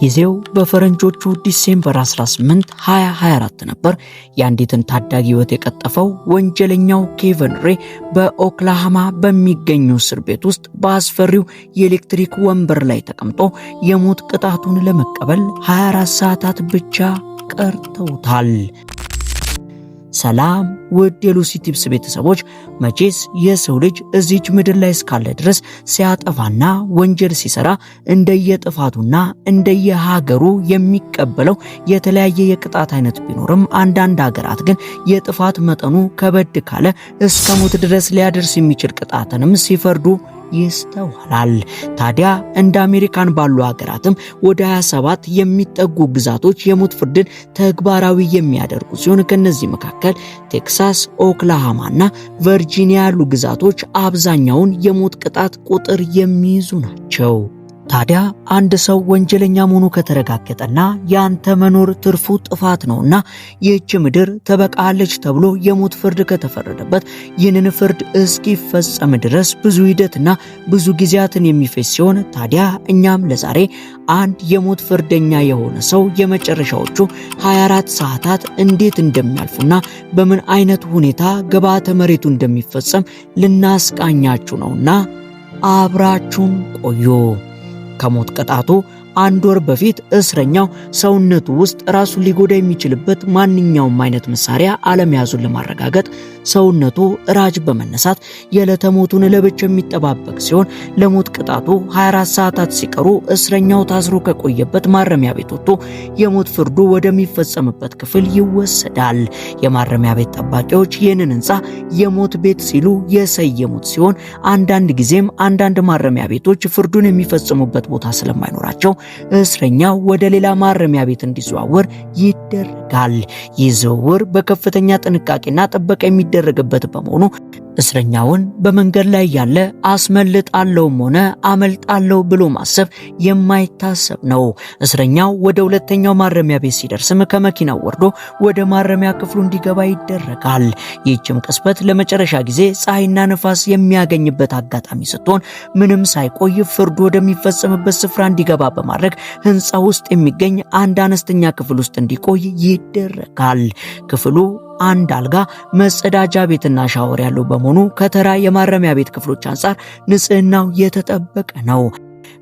ጊዜው በፈረንጆቹ ዲሴምበር 18 2024 ነበር። የአንዲትን ታዳጊ ህይወት የቀጠፈው ወንጀለኛው ኬቨን ሬ በኦክላሃማ በሚገኙ እስር ቤት ውስጥ በአስፈሪው የኤሌክትሪክ ወንበር ላይ ተቀምጦ የሞት ቅጣቱን ለመቀበል 24 ሰዓታት ብቻ ቀርተውታል። ሰላም ውድ የሉሲ ቲፕስ ቤተሰቦች፣ መቼስ የሰው ልጅ እዚች ምድር ላይ እስካለ ድረስ ሲያጠፋና ወንጀል ሲሰራ እንደየጥፋቱና እንደየሀገሩ የሚቀበለው የተለያየ የቅጣት አይነት ቢኖርም አንዳንድ ሀገራት ግን የጥፋት መጠኑ ከበድ ካለ እስከ ሞት ድረስ ሊያደርስ የሚችል ቅጣትንም ሲፈርዱ ይስተዋላል። ታዲያ እንደ አሜሪካን ባሉ ሀገራትም ወደ 27 የሚጠጉ ግዛቶች የሞት ፍርድን ተግባራዊ የሚያደርጉ ሲሆን ከነዚህ መካከል ቴክሳስ፣ ኦክላሃማ እና ቨርጂኒያ ያሉ ግዛቶች አብዛኛውን የሞት ቅጣት ቁጥር የሚይዙ ናቸው። ታዲያ አንድ ሰው ወንጀለኛ መሆኑ ከተረጋገጠና ያንተ መኖር ትርፉ ጥፋት ነውና ይህች ምድር ተበቃለች ተብሎ የሞት ፍርድ ከተፈረደበት ይህንን ፍርድ እስኪፈጸም ድረስ ብዙ ሂደትና ብዙ ጊዜያትን የሚፈጅ ሲሆን ታዲያ እኛም ለዛሬ አንድ የሞት ፍርደኛ የሆነ ሰው የመጨረሻዎቹ 24 ሰዓታት እንዴት እንደሚያልፉና በምን አይነት ሁኔታ ገባተ መሬቱ እንደሚፈጸም ልናስቃኛችሁ ነውና አብራችሁን ቆዩ። ከሞት ቅጣቱ አንድ ወር በፊት እስረኛው ሰውነቱ ውስጥ ራሱን ሊጎዳ የሚችልበት ማንኛውም አይነት መሳሪያ አለመያዙን ለማረጋገጥ ሰውነቱ ራጅ በመነሳት የዕለተ ሞቱን ለብቻ የሚጠባበቅ ሲሆን ለሞት ቅጣቱ 24 ሰዓታት ሲቀሩ እስረኛው ታስሮ ከቆየበት ማረሚያ ቤት ወጥቶ የሞት ፍርዱ ወደሚፈጸምበት ክፍል ይወሰዳል። የማረሚያ ቤት ጠባቂዎች ይህንን ህንፃ የሞት ቤት ሲሉ የሰየሙት ሲሆን አንዳንድ ጊዜም አንዳንድ ማረሚያ ቤቶች ፍርዱን የሚፈጽሙበት ቦታ ስለማይኖራቸው እስረኛው ወደ ሌላ ማረሚያ ቤት እንዲዘዋወር ይደረጋል። ይህ ዝውውር በከፍተኛ ጥንቃቄና ጥበቃ የሚደረግበት በመሆኑ እስረኛውን በመንገድ ላይ ያለ አስመልጣለሁም ሆነ አመልጣለሁ ብሎ ማሰብ የማይታሰብ ነው። እስረኛው ወደ ሁለተኛው ማረሚያ ቤት ሲደርስም ከመኪናው ወርዶ ወደ ማረሚያ ክፍሉ እንዲገባ ይደረጋል። ይህችም ቅስበት ለመጨረሻ ጊዜ ፀሐይና ነፋስ የሚያገኝበት አጋጣሚ ስትሆን ምንም ሳይቆይ ፍርዱ ወደሚፈጸምበት ስፍራ እንዲገባ በማድረግ ህንፃ ውስጥ የሚገኝ አንድ አነስተኛ ክፍል ውስጥ እንዲቆይ ይደረጋል። ክፍሉ አንድ አልጋ፣ መጸዳጃ ቤትና ሻወር ያለው በመሆኑ ከተራ የማረሚያ ቤት ክፍሎች አንጻር ንጽህናው የተጠበቀ ነው።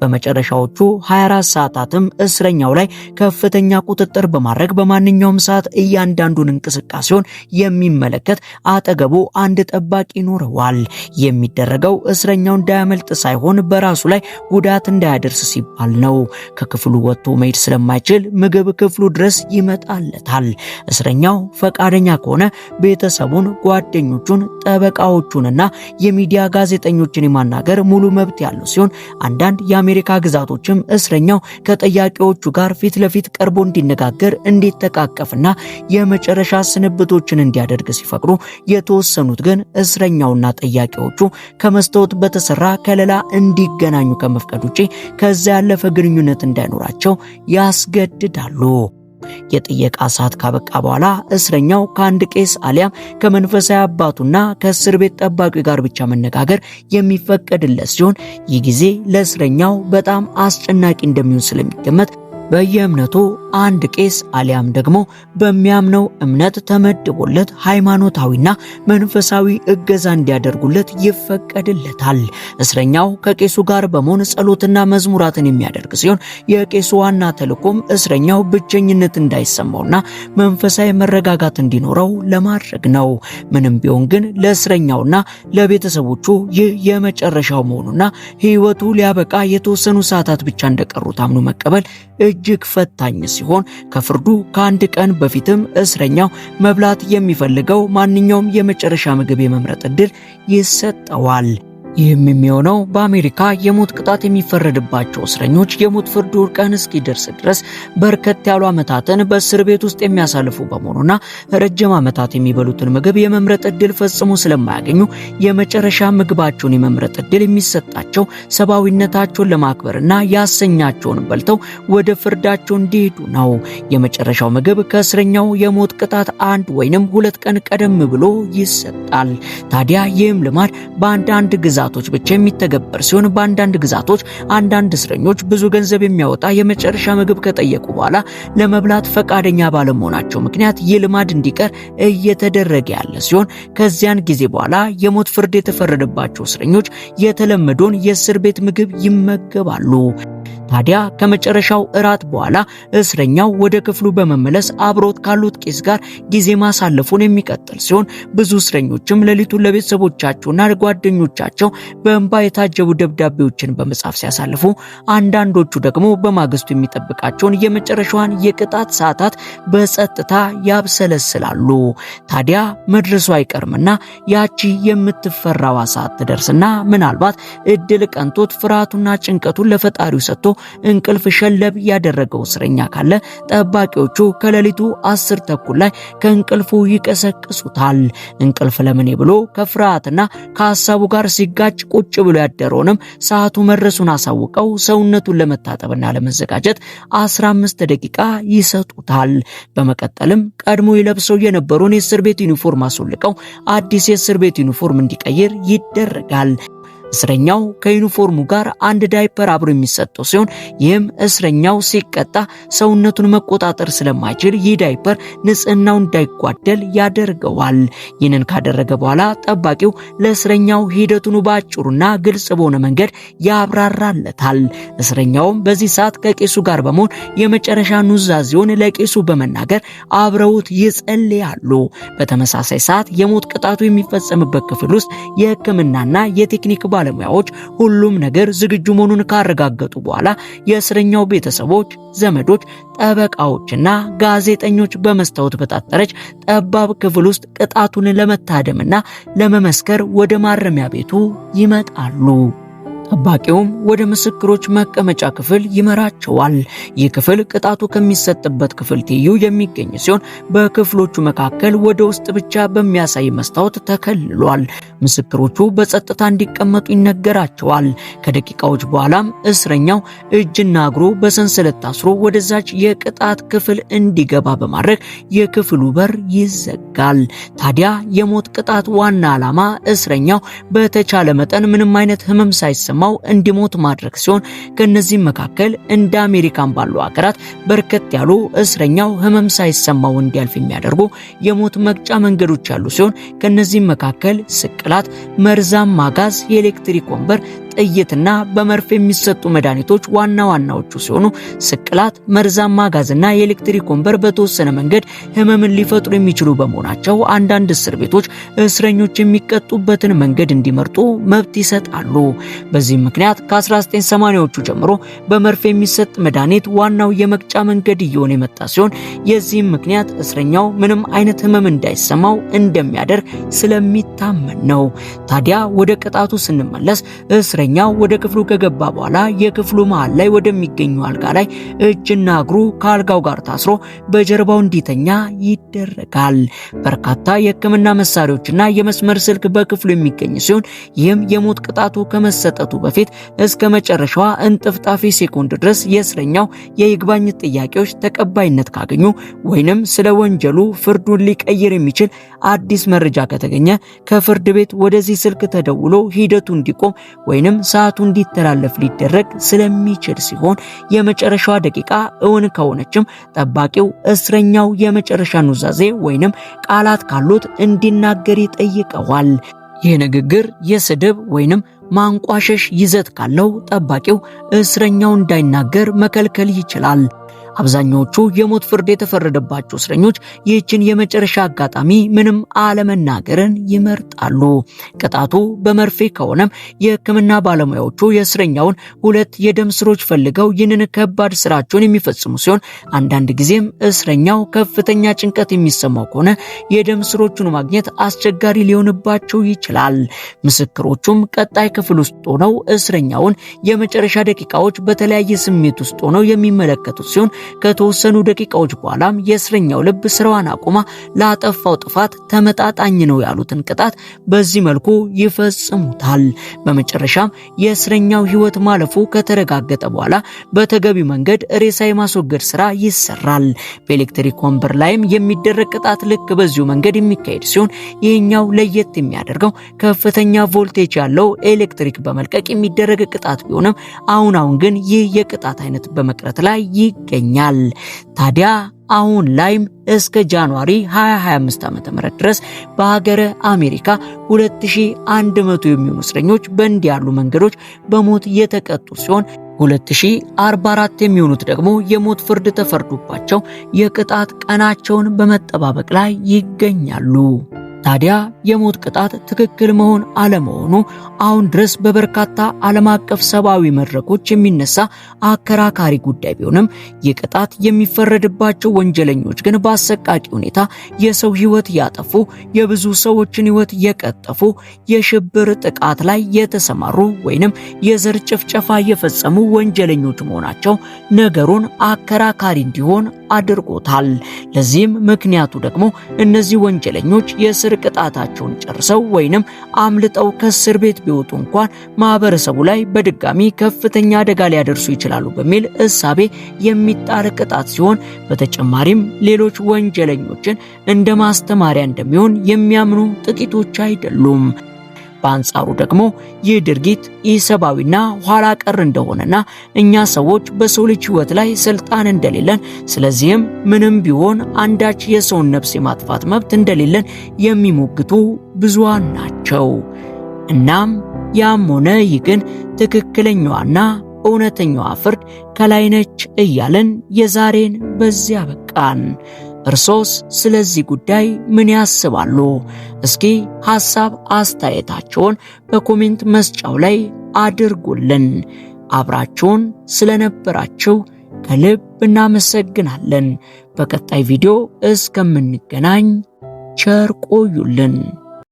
በመጨረሻዎቹ 24 ሰዓታትም እስረኛው ላይ ከፍተኛ ቁጥጥር በማድረግ በማንኛውም ሰዓት እያንዳንዱን እንቅስቃሴውን የሚመለከት አጠገቡ አንድ ጠባቂ ይኖረዋል። የሚደረገው እስረኛው እንዳያመልጥ ሳይሆን በራሱ ላይ ጉዳት እንዳያደርስ ሲባል ነው። ከክፍሉ ወጥቶ መሄድ ስለማይችል ምግብ ክፍሉ ድረስ ይመጣለታል። እስረኛው ፈቃደኛ ከሆነ ቤተሰቡን፣ ጓደኞቹን፣ ጠበቃዎቹንና የሚዲያ ጋዜጠኞችን የማናገር ሙሉ መብት ያለው ሲሆን አንዳንድ የአሜሪካ ግዛቶችም እስረኛው ከጠያቂዎቹ ጋር ፊት ለፊት ቀርቦ እንዲነጋገር እንዲተቃቀፍና የመጨረሻ ስንብቶችን እንዲያደርግ ሲፈቅዱ፣ የተወሰኑት ግን እስረኛውና ጠያቂዎቹ ከመስታወት በተሰራ ከለላ እንዲገናኙ ከመፍቀድ ውጪ ከዚያ ያለፈ ግንኙነት እንዳይኖራቸው ያስገድዳሉ። የጥየቃ ሰዓት ካበቃ በኋላ እስረኛው ከአንድ ቄስ አሊያም ከመንፈሳዊ አባቱና ከእስር ቤት ጠባቂ ጋር ብቻ መነጋገር የሚፈቀድለት ሲሆን ይህ ጊዜ ለእስረኛው በጣም አስጨናቂ እንደሚሆን ስለሚገመት በየእምነቱ አንድ ቄስ አሊያም ደግሞ በሚያምነው እምነት ተመድቦለት ሃይማኖታዊና መንፈሳዊ እገዛ እንዲያደርጉለት ይፈቀድለታል። እስረኛው ከቄሱ ጋር በመሆን ጸሎትና መዝሙራትን የሚያደርግ ሲሆን የቄሱ ዋና ተልዕኮም እስረኛው ብቸኝነት እንዳይሰማውና መንፈሳዊ መረጋጋት እንዲኖረው ለማድረግ ነው። ምንም ቢሆን ግን ለእስረኛውና ለቤተሰቦቹ ይህ የመጨረሻው መሆኑና ሕይወቱ ሊያበቃ የተወሰኑ ሰዓታት ብቻ እንደቀሩ ታምኖ መቀበል እጅግ ፈታኝ ሲሆን ከፍርዱ ከአንድ ቀን በፊትም እስረኛው መብላት የሚፈልገው ማንኛውም የመጨረሻ ምግብ የመምረጥ እድል ይሰጠዋል። ይህም የሚሆነው በአሜሪካ የሞት ቅጣት የሚፈረድባቸው እስረኞች የሞት ፍርድ ቀን እስኪደርስ ድረስ በርከት ያሉ ዓመታትን በእስር ቤት ውስጥ የሚያሳልፉ በመሆኑና ረጅም ዓመታት የሚበሉትን ምግብ የመምረጥ ዕድል ፈጽሞ ስለማያገኙ የመጨረሻ ምግባቸውን የመምረጥ ዕድል የሚሰጣቸው ሰብአዊነታቸውን ለማክበርና ያሰኛቸውን በልተው ወደ ፍርዳቸው እንዲሄዱ ነው። የመጨረሻው ምግብ ከእስረኛው የሞት ቅጣት አንድ ወይንም ሁለት ቀን ቀደም ብሎ ይሰጣል። ታዲያ ይህም ልማድ በአንዳንድ ግዛ ግዛቶች ብቻ የሚተገበር ሲሆን በአንዳንድ ግዛቶች አንዳንድ እስረኞች ብዙ ገንዘብ የሚያወጣ የመጨረሻ ምግብ ከጠየቁ በኋላ ለመብላት ፈቃደኛ ባለመሆናቸው ምክንያት ይህ ልማድ እንዲቀር እየተደረገ ያለ ሲሆን ከዚያን ጊዜ በኋላ የሞት ፍርድ የተፈረደባቸው እስረኞች የተለመደውን የእስር ቤት ምግብ ይመገባሉ። ታዲያ ከመጨረሻው እራት በኋላ እስረኛው ወደ ክፍሉ በመመለስ አብሮት ካሉት ቄስ ጋር ጊዜ ማሳለፉን የሚቀጥል ሲሆን ብዙ እስረኞችም ሌሊቱን ለቤተሰቦቻቸውና ጓደኞቻቸው በእንባ የታጀቡ ደብዳቤዎችን በመጻፍ ሲያሳልፉ፣ አንዳንዶቹ ደግሞ በማግስቱ የሚጠብቃቸውን የመጨረሻዋን የቅጣት ሰዓታት በጸጥታ ያብሰለስላሉ። ታዲያ መድረሱ አይቀርምና ያቺ የምትፈራዋ ሰዓት ትደርስና ምናልባት እድል ቀንቶት ፍርሃቱና ጭንቀቱን ለፈጣሪው ሰጥቶ እንቅልፍ ሸለብ ያደረገው እስረኛ ካለ ጠባቂዎቹ ከሌሊቱ አስር ተኩል ላይ ከእንቅልፉ ይቀሰቅሱታል። እንቅልፍ ለምኔ ብሎ ከፍርሃትና ከሀሳቡ ጋር ሲጋጭ ቁጭ ብሎ ያደረውንም ሰዓቱ መድረሱን አሳውቀው ሰውነቱን ለመታጠብና ለመዘጋጀት 15 ደቂቃ ይሰጡታል። በመቀጠልም ቀድሞ ይለብሰው የነበረውን የእስር ቤት ዩኒፎርም አስወልቀው አዲስ የእስር ቤት ዩኒፎርም እንዲቀይር ይደረጋል። እስረኛው ከዩኒፎርሙ ጋር አንድ ዳይፐር አብሮ የሚሰጠው ሲሆን ይህም እስረኛው ሲቀጣ ሰውነቱን መቆጣጠር ስለማይችል ይህ ዳይፐር ንጽህናው እንዳይጓደል ያደርገዋል። ይህንን ካደረገ በኋላ ጠባቂው ለእስረኛው ሂደቱን በአጭሩና ግልጽ በሆነ መንገድ ያብራራለታል። እስረኛውም በዚህ ሰዓት ከቄሱ ጋር በመሆን የመጨረሻ ኑዛዜውን ለቄሱ በመናገር አብረውት ይጸልያሉ። በተመሳሳይ ሰዓት የሞት ቅጣቱ የሚፈጸምበት ክፍል ውስጥ የህክምናና የቴክኒክ ባለሙያዎች ሁሉም ነገር ዝግጁ መሆኑን ካረጋገጡ በኋላ የእስረኛው ቤተሰቦች፣ ዘመዶች፣ ጠበቃዎችና ጋዜጠኞች በመስታወት በታጠረች ጠባብ ክፍል ውስጥ ቅጣቱን ለመታደምና ለመመስከር ወደ ማረሚያ ቤቱ ይመጣሉ። ጠባቂውም ወደ ምስክሮች መቀመጫ ክፍል ይመራቸዋል። ይህ ክፍል ቅጣቱ ከሚሰጥበት ክፍል ትይዩ የሚገኝ ሲሆን በክፍሎቹ መካከል ወደ ውስጥ ብቻ በሚያሳይ መስታወት ተከልሏል። ምስክሮቹ በጸጥታ እንዲቀመጡ ይነገራቸዋል። ከደቂቃዎች በኋላም እስረኛው እጅና እግሩ በሰንሰለት ታስሮ ወደዛች የቅጣት ክፍል እንዲገባ በማድረግ የክፍሉ በር ይዘጋል። ታዲያ የሞት ቅጣት ዋና ዓላማ እስረኛው በተቻለ መጠን ምንም አይነት ህመም ሳይሰማ ከተሰማው እንዲሞት ማድረግ ሲሆን ከእነዚህም መካከል እንደ አሜሪካን ባሉ ሀገራት በርከት ያሉ እስረኛው ህመም ሳይሰማው እንዲያልፍ የሚያደርጉ የሞት መቅጫ መንገዶች ያሉ ሲሆን ከእነዚህም መካከል ስቅላት፣ መርዛም ማጋዝ የኤሌክትሪክ ወንበር፣ ጥይትና በመርፌ የሚሰጡ መድኃኒቶች ዋና ዋናዎቹ ሲሆኑ ስቅላት፣ መርዛማ ጋዝና የኤሌክትሪክ ወንበር በተወሰነ መንገድ ህመምን ሊፈጥሩ የሚችሉ በመሆናቸው አንዳንድ እስር ቤቶች እስረኞች የሚቀጡበትን መንገድ እንዲመርጡ መብት ይሰጣሉ። በዚህም ምክንያት ከ1980ዎቹ ጀምሮ በመርፌ የሚሰጥ መድኃኒት ዋናው የመቅጫ መንገድ እየሆነ የመጣ ሲሆን የዚህም ምክንያት እስረኛው ምንም አይነት ህመም እንዳይሰማው እንደሚያደርግ ስለሚታመን ነው። ታዲያ ወደ ቅጣቱ ስንመለስ እስረ እስረኛው ወደ ክፍሉ ከገባ በኋላ የክፍሉ መሃል ላይ ወደሚገኘው አልጋ ላይ እጅና እግሩ ከአልጋው ጋር ታስሮ በጀርባው እንዲተኛ ይደረጋል። በርካታ የህክምና መሳሪያዎችና የመስመር ስልክ በክፍሉ የሚገኝ ሲሆን ይህም የሞት ቅጣቱ ከመሰጠቱ በፊት እስከ መጨረሻዋ እንጥፍጣፊ ሴኮንድ ድረስ የእስረኛው የይግባኝ ጥያቄዎች ተቀባይነት ካገኙ ወይንም ስለ ወንጀሉ ፍርዱን ሊቀይር የሚችል አዲስ መረጃ ከተገኘ ከፍርድ ቤት ወደዚህ ስልክ ተደውሎ ሂደቱ እንዲቆም ወይንም ይህም ሰዓቱ እንዲተላለፍ ሊደረግ ስለሚችል ሲሆን የመጨረሻዋ ደቂቃ እውን ከሆነችም ጠባቂው እስረኛው የመጨረሻ ኑዛዜ ወይንም ቃላት ካሉት እንዲናገር ይጠይቀዋል። ይህ ንግግር የስድብ ወይንም ማንቋሸሽ ይዘት ካለው ጠባቂው እስረኛው እንዳይናገር መከልከል ይችላል። አብዛኛዎቹ የሞት ፍርድ የተፈረደባቸው እስረኞች ይህችን የመጨረሻ አጋጣሚ ምንም አለመናገርን ይመርጣሉ። ቅጣቱ በመርፌ ከሆነም የሕክምና ባለሙያዎቹ የእስረኛውን ሁለት የደም ስሮች ፈልገው ይህንን ከባድ ስራቸውን የሚፈጽሙ ሲሆን አንዳንድ ጊዜም እስረኛው ከፍተኛ ጭንቀት የሚሰማው ከሆነ የደም ስሮቹን ማግኘት አስቸጋሪ ሊሆንባቸው ይችላል። ምስክሮቹም ቀጣይ ክፍል ውስጥ ሆነው እስረኛውን የመጨረሻ ደቂቃዎች በተለያየ ስሜት ውስጥ ሆነው የሚመለከቱት ሲሆን ከተወሰኑ ደቂቃዎች በኋላም የእስረኛው ልብ ስራዋን አቁማ ላጠፋው ጥፋት ተመጣጣኝ ነው ያሉትን ቅጣት በዚህ መልኩ ይፈጽሙታል። በመጨረሻም የእስረኛው ህይወት ማለፉ ከተረጋገጠ በኋላ በተገቢ መንገድ ሬሳ የማስወገድ ስራ ይሰራል። በኤሌክትሪክ ወንበር ላይም የሚደረግ ቅጣት ልክ በዚሁ መንገድ የሚካሄድ ሲሆን ይህኛው ለየት የሚያደርገው ከፍተኛ ቮልቴጅ ያለው ኤሌክትሪክ ኤሌክትሪክ በመልቀቅ የሚደረግ ቅጣት ቢሆንም አሁን አሁን ግን ይህ የቅጣት አይነት በመቅረት ላይ ይገኛል። ታዲያ አሁን ላይም እስከ ጃንዋሪ 2025 ዓ.ም ድረስ በሀገረ አሜሪካ 2100 የሚሆኑ እስረኞች በእንዲህ ያሉ መንገዶች በሞት የተቀጡ ሲሆን 2044 የሚሆኑት ደግሞ የሞት ፍርድ ተፈርዶባቸው የቅጣት ቀናቸውን በመጠባበቅ ላይ ይገኛሉ። ታዲያ የሞት ቅጣት ትክክል መሆን አለመሆኑ አሁን ድረስ በበርካታ ዓለም አቀፍ ሰብአዊ መድረኮች የሚነሳ አከራካሪ ጉዳይ ቢሆንም የቅጣት የሚፈረድባቸው ወንጀለኞች ግን በአሰቃቂ ሁኔታ የሰው ሕይወት ያጠፉ፣ የብዙ ሰዎችን ሕይወት የቀጠፉ፣ የሽብር ጥቃት ላይ የተሰማሩ ወይንም የዘር ጭፍጨፋ የፈጸሙ ወንጀለኞች መሆናቸው ነገሩን አከራካሪ እንዲሆን አድርጎታል። ለዚህም ምክንያቱ ደግሞ እነዚህ ወንጀለኞች የእስር ቅጣታቸውን ጨርሰው ወይንም አምልጠው ከእስር ቤት ቢወጡ እንኳን ማህበረሰቡ ላይ በድጋሚ ከፍተኛ አደጋ ሊያደርሱ ይችላሉ በሚል እሳቤ የሚጣል ቅጣት ሲሆን በተጨማሪም ሌሎች ወንጀለኞችን እንደ ማስተማሪያ እንደሚሆን የሚያምኑ ጥቂቶች አይደሉም። በአንጻሩ ደግሞ ይህ ድርጊት ኢሰብአዊና ኋላ ቀር እንደሆነና እኛ ሰዎች በሰው ልጅ ሕይወት ላይ ስልጣን እንደሌለን ስለዚህም ምንም ቢሆን አንዳች የሰውን ነፍስ የማጥፋት መብት እንደሌለን የሚሞግቱ ብዙሃን ናቸው። እናም ያም ሆነ ይህ ግን ትክክለኛዋና እውነተኛዋ ፍርድ ከላይ ነች እያለን የዛሬን በዚያ በቃን። እርሶስ ስለዚህ ጉዳይ ምን ያስባሉ? እስኪ ሐሳብ አስተያየታችሁን በኮሜንት መስጫው ላይ አድርጉልን። አብራችሁን ስለነበራችሁ ከልብ እናመሰግናለን። በቀጣይ ቪዲዮ እስከምንገናኝ ቸር ቆዩልን።